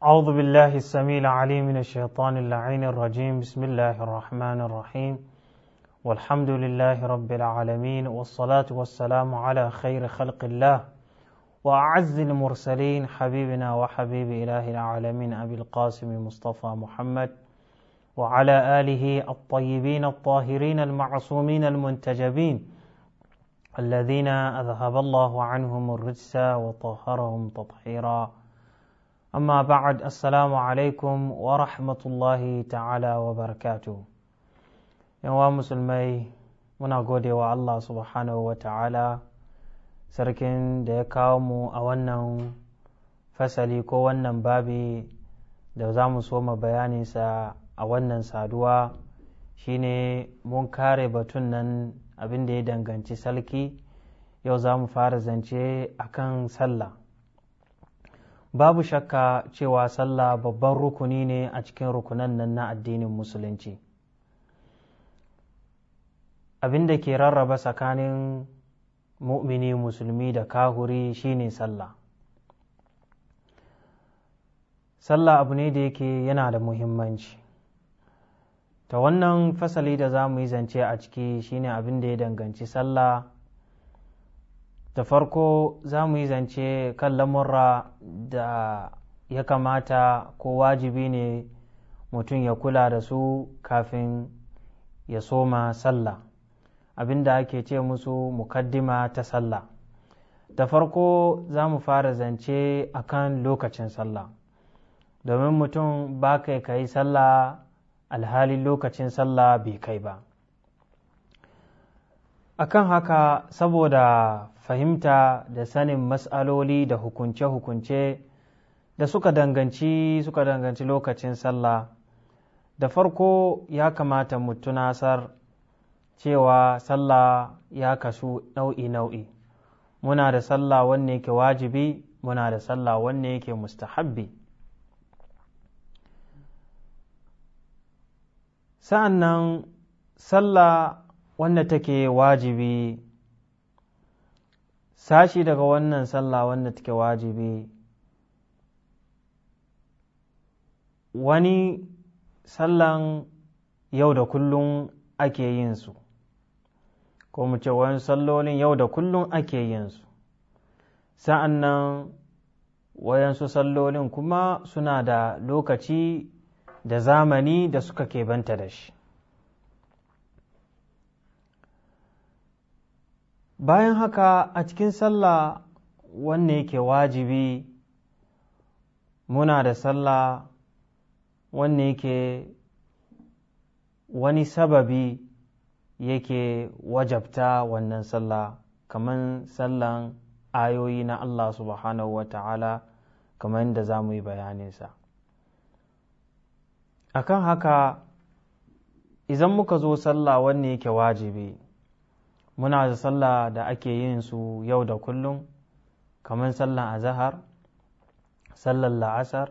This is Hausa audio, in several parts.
أعوذ بالله السميع العليم من الشيطان اللعين الرجيم بسم الله الرحمن الرحيم والحمد لله رب العالمين والصلاة والسلام على خير خلق الله وأعز المرسلين حبيبنا وحبيب إله العالمين أبي القاسم مصطفى محمد وعلى آله الطيبين الطاهرين المعصومين المنتجبين الذين أذهب الله عنهم الرجس وطهرهم تطهيرا amma بعد السلام alaikum wa rahmatullahi ta'ala wa barakatu yawa musulmai muna gode wa Allah subhanahu wa ta'ala sarkin da ya kawo mu a wannan fasali ko wannan babi da za mu so ma bayaninsa a wannan saduwa shine mun kare batun nan abin da ya danganci salki yau za mu fara zance akan sallah babu shakka cewa sallah babban rukuni ne a cikin rukunan nan na addinin musulunci abin da ke rarraba tsakanin mu'mini musulmi da kahuri shine sallah sallah abu ne da yake yana da muhimmanci ta wannan fasali da za mu yi zance a ciki shine abin da ya danganci sallah da farko za mu yi zance kan lamurra da ya kamata ko wajibi ne mutum ya kula da su kafin ya soma sallah abinda ake ce musu mukaddima ta sallah da farko za mu fara zance akan lokacin sallah domin mutum ba kai ka yi sallah alhali lokacin sallah bai kai ba akan haka saboda fahimta da sanin matsaloli da hukunce-hukunce da suka danganci suka danganci lokacin sallah da farko ya kamata mu tunasar cewa sallah ya kasu nau'i-nau'i muna da sallah wanne yake wajibi muna da sallah wanne yake mustahabbi Sa'annan sallah wanda take wajibi sashi daga wannan sallah wanda take wajibi wani sallan yau da kullum ake yin su ko mu ce wani sallolin yau da kullum ake yin su sa'an nan wayansu sallolin kuma suna da lokaci da zamani da suka kebanta da shi bayan haka a cikin sallah wanne yake wajibi muna da sallah wanne yake wani sababi yake wajabta wannan sallah kamar sallan ayoyi na Allah subhanahu wa ta'ala kamar da za mu yi bayaninsa akan haka idan muka zo sallah wanne yake wajibi muna da sallah da ake yin su yau da kullum kamar sallan azahar sallan la'asar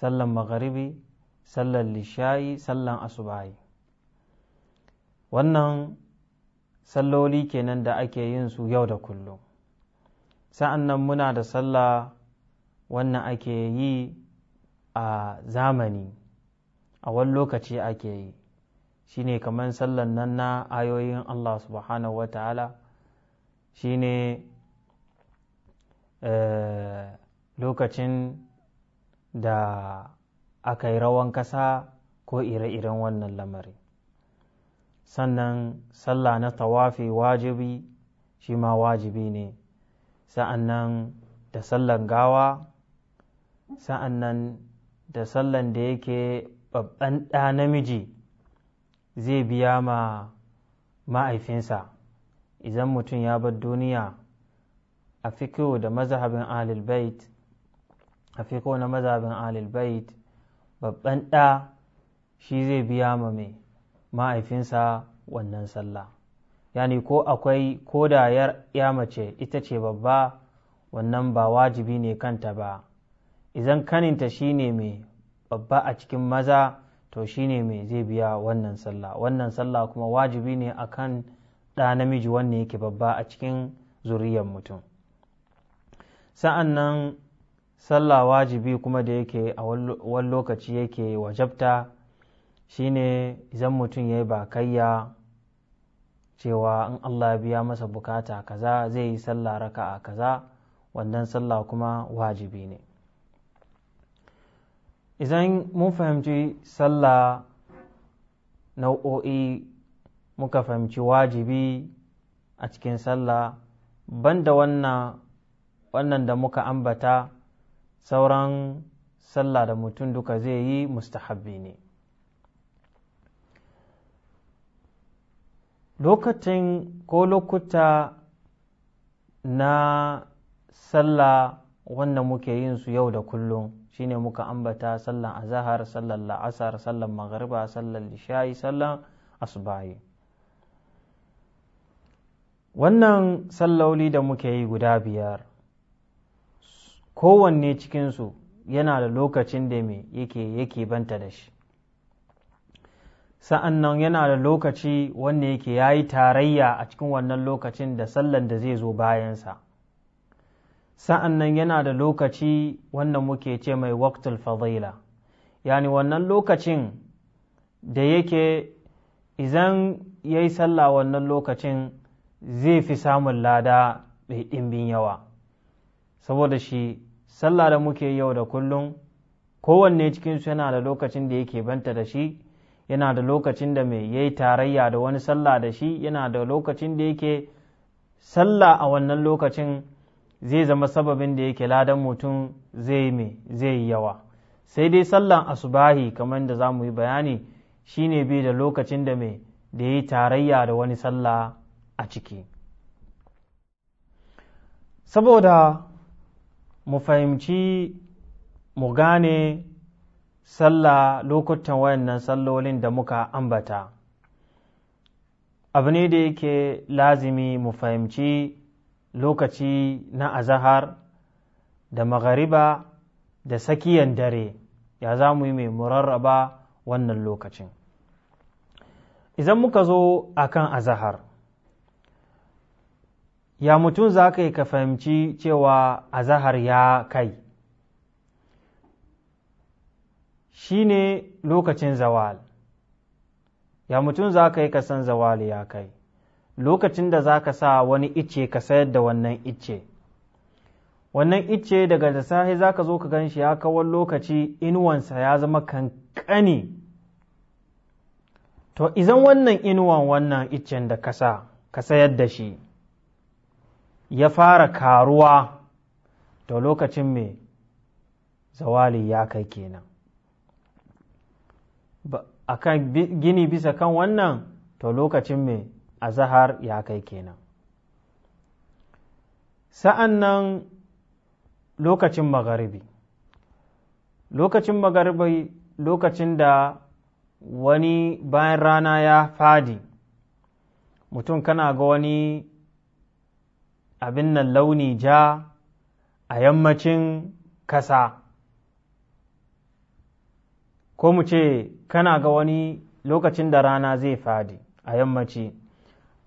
sallan magharibi sallan lishayi sallan asubahi wannan salloli kenan da ake yin su yau da kullum sa'an nan muna da sallah wannan ake yi a zamani a wani lokaci ake yi Shi ne kamar sallan nan na ayoyin Allah subhanahu wa ta'ala shine eh, lokacin da aka yi rawan ƙasa ko ire-iren wannan lamari sannan sallah na tawafi wajibi shi ma wajibi ne nan da sallan gawa sa'annan da sallan da yake babban ɗa namiji zai biya ma ma'aifinsa idan mutum ya bar duniya a fikiyo da mazhabin alilbait a fikiyo na mazhabin alilbait babban ɗa shi zai biya ma mai ma'aifinsa wannan sallah yani ko akwai ko da ya mace ita ce babba wannan ba wajibi ne kanta ba idan kaninta shi ne mai babba a cikin maza to shi ne mai zai biya wannan sallah wannan sallah kuma wajibi ne akan ɗa namiji wanda yake babba a cikin zuriyar mutum sa'an nan sallah wajibi kuma da yake a wani lokaci yake wajabta shi ne idan mutum ya yi bakayya cewa in Allah biya masa bukata kaza zai yi sallah raka'a kaza wannan sallah kuma wajibi ne idan mun fahimci sallah nau'o'i muka fahimci wajibi a cikin sallah banda wannan wannan da muka ambata sauran sallah da mutum duka zai yi mustahabbi ne lokacin ko lokuta na sallah wannan muke yin su yau da kullum shine muka ambata sallan azahar sallan la'asar sallan magariba sallan lishayi sallan asubahi wannan salloli da muke yi guda biyar kowanne cikinsu yana da lokacin da me yake yake banta da shi sa'an nan yana da lokaci wanda yake ya yi tarayya a cikin wannan lokacin da sallan da zai zo bayansa sa'an nan yana da lokaci wannan muke ce mai waktul fadila yani wannan lokacin da yake izan ya yi sallah wannan lokacin zai fi samun lada mai ɗimbin yawa saboda shi sallah da muke yau da kullum kowanne cikinsu yana da lokacin da yake banta da shi yana da lokacin da mai yayi tarayya da wani sallah da shi yana da lokacin da yake sallah a wannan lokacin zai zama sababin da yake ladan mutum zai mai zai yi yawa sai dai sallan asubahi kamar da za mu yi bayani shine bi da lokacin da mai da ya yi tarayya da wani sallah a ciki saboda mu fahimci mu gane sallah lokutan wayannan sallolin da muka ambata abu ne da yake lazimi mu fahimci lokaci na azahar da magariba da sakiyan dare ya za mu yi mai murarraba wannan lokacin idan muka zo a kan azahar ya mutum za ka yi ka fahimci cewa azahar ya kai shi ne lokacin zawal ya mutum za ka yi ka san zawal ya kai lokacin da za ka sa wani icce ka sayar da wannan icce wannan icce daga da sahi za ka zo ka gan shi ya kawo lokaci inuwansa ya zama kankani to izan wannan inuwan wannan iccen da ka sa ka sayar da shi ya fara karuwa to lokacin mai zawali ya kai kenan a kan gini bisa kan wannan to lokacin mai azahar ya kai kenan sa'an nan lokacin magharibi lokacin magharibi lokacin da wani bayan rana ya fadi mutum kana ga wani abin nan launi ja a yammacin kasa ko mu ce kana ga wani lokacin da rana zai fadi a yammaci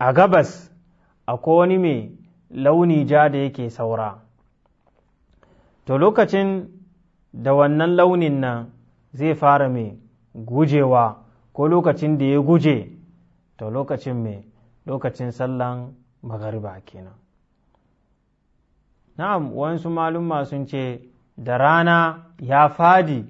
a gabas akwai wani mai launi ja da yake saura to lokacin da wannan launin nan zai fara mai gujewa ko lokacin da ya guje to lokacin mai lokacin sallan magariba kenan na'am wasu malumma sun ce da rana ya fadi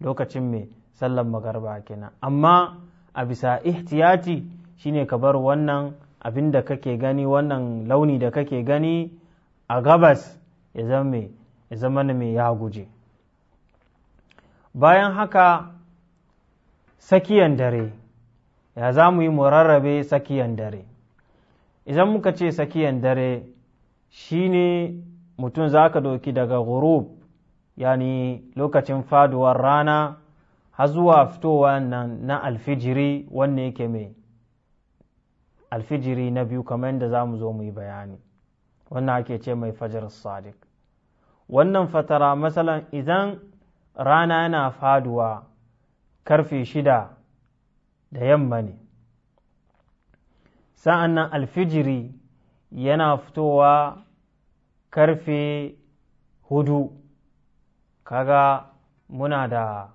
lokacin mai sallan magariba kenan amma a bisa ihtiyati shine ka bar wannan abin da kake gani wannan launi da kake gani a gabas ya zama mai ya guje bayan haka tsakiyan dare ya za mu yi mu rarrabe tsakiyan dare idan muka ce tsakiyan dare shine mutum za ka doki daga gurub yani lokacin faduwar rana har zuwa fitowa na alfijiri wanne yake mai alfijiri na biyu kamar yadda za mu zo mu yi bayani wannan ake ce mai fajar sadiq wannan fatara matsalan idan rana yana faduwa karfe shida da yamma ne sa'an nan alfijiri yana fitowa karfe hudu kaga muna da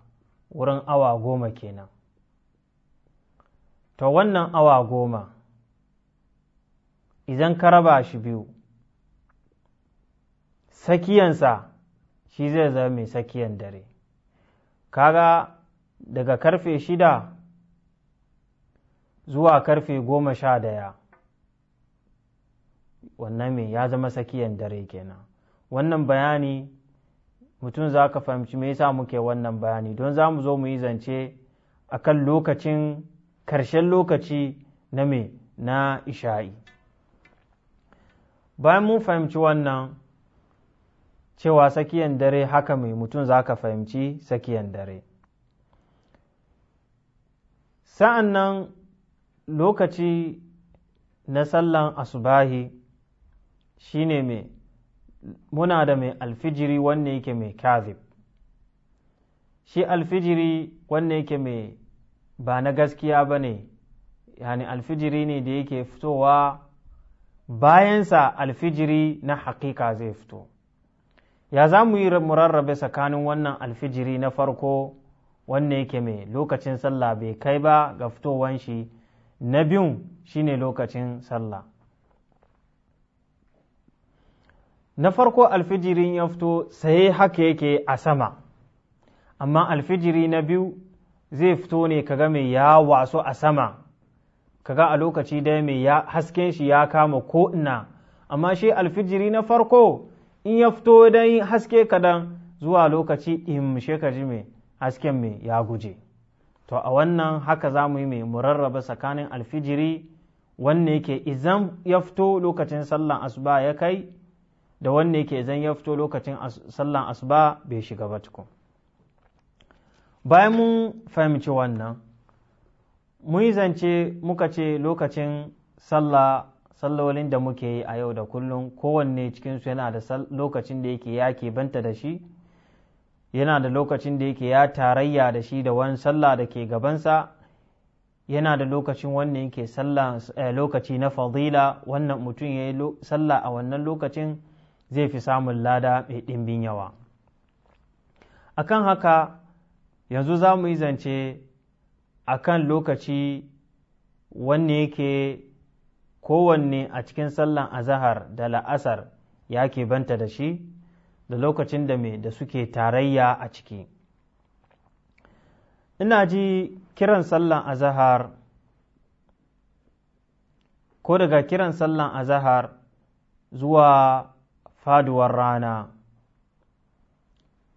wurin awa goma kenan to wannan awa goma idan ka raba shi biyu sakiyansa shi zai zama mai sakiyan dare kaga daga karfe shida zuwa karfe goma sha daya wannan mai ya zama sakiyan dare kenan wannan bayani mutum za ka fahimci me yasa muke wannan bayani don za mu zo mu yi zance a kan lokacin karshen lokaci na mai na isha'i bayan mun fahimci wannan cewa tsakiyan dare haka mai mutum za ka fahimci tsakiyan dare sa'an nan lokaci na sallan asubahi ne mai muna da mai alfijiri wanne yake mai kazib shi alfijiri wanne yake mai ba na gaskiya ba ne yani alfijiri ne da yake fitowa bayansa alfijiri na hakika zai fito ya za mu yi murarrabe tsakanin wannan alfijiri na farko wanne yake mai lokacin sallah bai kai ba ga fitowan shi na biyun shine lokacin sallah na farko alfijirin ya fito sai haka yake a sama amma alfijiri na biyu zai fito ne kaga mai ya waso a sama Ka ga a lokaci dai mai hasken shi ya kama ko ina amma shi alfijiri na farko in ya fito dan haske kadan zuwa lokaci in shekaji mai hasken mai ya guje to a wannan haka za mu yi mai murarraba tsakanin alfijiri wanne yake izan ya fito lokacin sallan asuba ya kai da wanne ke izan ya fito lokacin sallan asuba bai shiga ba tukun bayan mun fahimci wannan mun yi zance muka ce lokacin sallah sallolin da muke yi a yau da kullum kowanne cikinsu yana da lokacin da yake ya ke banta da shi yana da lokacin da yake ya tarayya da shi da wani sallah da ke gabansa yana da lokacin wannan yake eh, lokaci na fadila wannan mutum ya yi sallah a wannan lokacin zai fi samun lada mai ɗimbin yawa akan haka yanzu za mu yi zance a kan lokaci wanne yake kowanne a cikin sallan azahar da la'asar ya ke banta da shi da lokacin da me da suke tarayya a ciki ina ji kiran sallan azahar ko daga kiran sallan azahar zuwa faduwar rana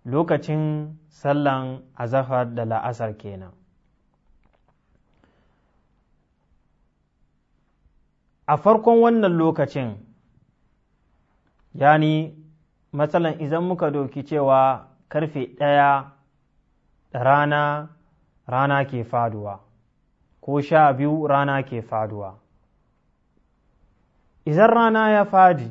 lokacin sallan azahar da la'asar kenan a farkon wannan lokacin yani matsalan idan muka doki cewa karfe ɗaya da rana rana ke faduwa ko sha biyu rana ke faduwa idan rana ya fadi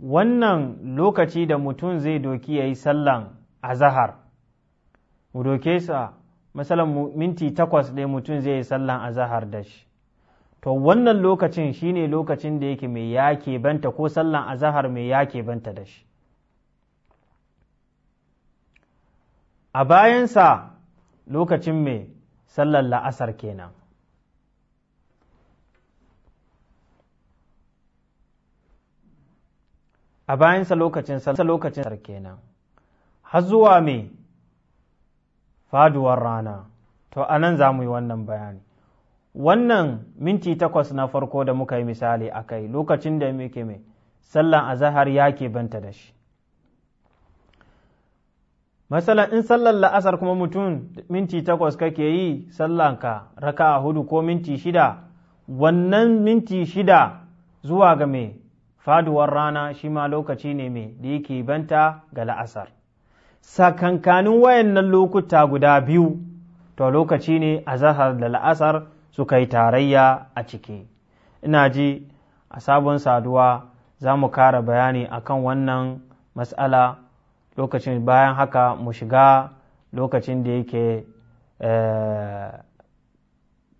wannan lokaci da mutum zai doki ya yi sallan azahar mu doke sa misalin minti takwas ɗaya mutum zai yi sallan azahar da shi to wannan lokacin shine lokacin da yake mai yake banta ko sallan azahar mai yake banta da shi a bayansa lokacin mai sallar la'asar kenan a bayansa lokacin sallar kenan har zuwa mai faduwar rana to a nan za mu yi wannan bayani wannan minti takwas na farko da muka yi misali a kai lokacin da muke mai sallan azahar ya ke banta da shi masalan in sallar la'asar kuma mutum minti takwas kake yi sallanka raka a hudu ko minti shida wannan minti shida zuwa ga mai faduwar rana shi ma lokaci ne mai da yake banta ga la'asar sakankanin wayannan lokuta guda biyu to lokaci ne a zahar da la'asar suka yi tarayya a ciki ina ji a sabon saduwa za mu kara bayani a kan wannan matsala lokacin bayan haka mu shiga lokacin da yake eh,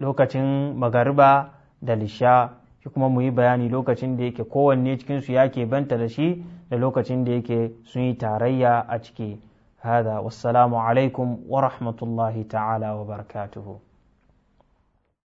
lokacin magariba da lisha shi kuma mu yi bayani lokacin da yake kowanne cikinsu ya ke banta da shi da lokacin da yake sun yi tarayya a ciki هذا والسلام عليكم ورحمة الله تعالى وبركاته